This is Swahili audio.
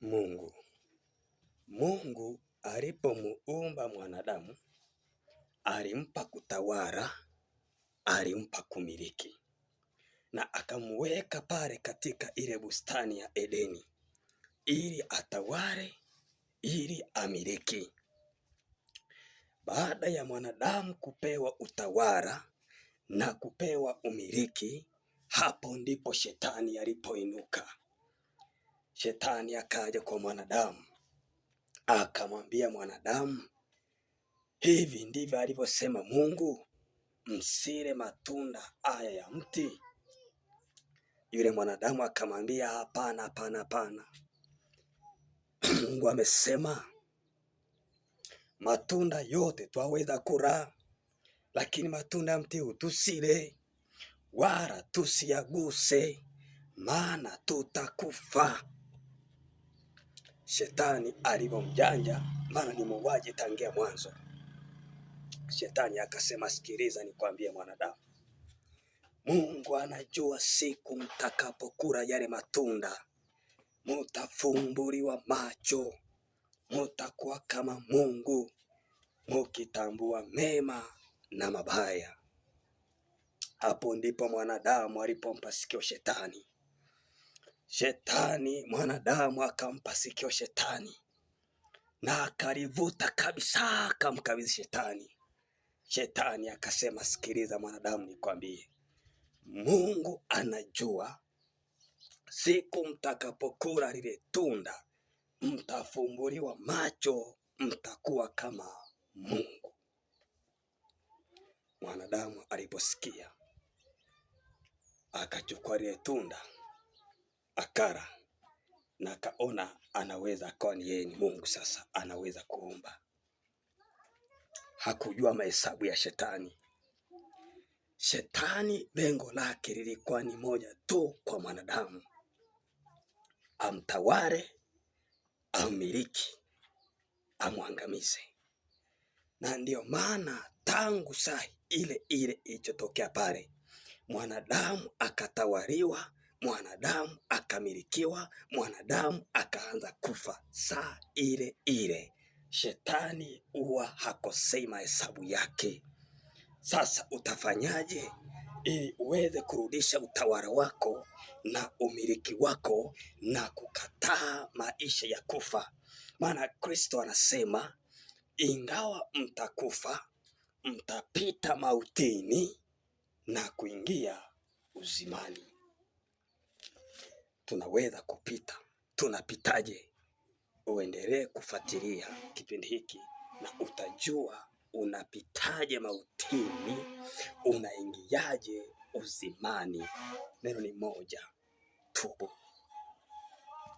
Mungu. Mungu alipomuumba mwanadamu alimpa kutawala, alimpa kumiliki na akamuweka pale katika ile bustani ya Edeni ili atawale, ili amiliki. Baada ya mwanadamu kupewa utawala na kupewa umiliki, hapo ndipo shetani alipoinuka. Shetani akaja kwa mwanadamu akamwambia mwanadamu, hivi ndivyo alivyosema Mungu, msile matunda haya ya mti. Yule mwanadamu akamwambia, hapana, hapana, hapana. Mungu amesema matunda yote twaweza kula, lakini matunda ya mti utusile, wala tusiyaguse, maana tutakufa. Shetani alivomjanja maana ni muuaji tangia mwanzo. Shetani akasema, sikiliza nikwambie mwanadamu, Mungu anajua siku mtakapokula yale matunda mutafumbuliwa macho, mutakuwa kama Mungu mukitambua mema na mabaya. Hapo ndipo mwanadamu alipompa sikio shetani. Shetani mwanadamu akampa sikio shetani na akalivuta kabisa, akamkabidhi shetani. Shetani akasema, sikiliza mwanadamu, nikwambie, Mungu anajua siku mtakapokula lile tunda mtafumbuliwa macho, mtakuwa kama Mungu. Mwanadamu aliposikia akachukua lile tunda akara na akaona anaweza akawa ni yeye ni Mungu, sasa anaweza kuumba. Hakujua mahesabu ya shetani. Shetani lengo lake lilikuwa ni moja tu kwa mwanadamu, amtaware, ammiliki, amwangamize. Na ndiyo maana tangu saa ile ile ilichotokea pale, mwanadamu akatawariwa mwanadamu akamilikiwa, mwanadamu akaanza kufa saa ile ile. Shetani huwa hakosei mahesabu yake. Sasa utafanyaje ili uweze kurudisha utawala wako na umiliki wako na kukataa maisha ya kufa? Maana Kristo anasema ingawa mtakufa, mtapita mautini na kuingia uzimani tunaweza kupita, tunapitaje? Uendelee kufuatilia kipindi hiki na utajua unapitaje mautini, unaingiaje uzimani. Neno ni moja, tubu.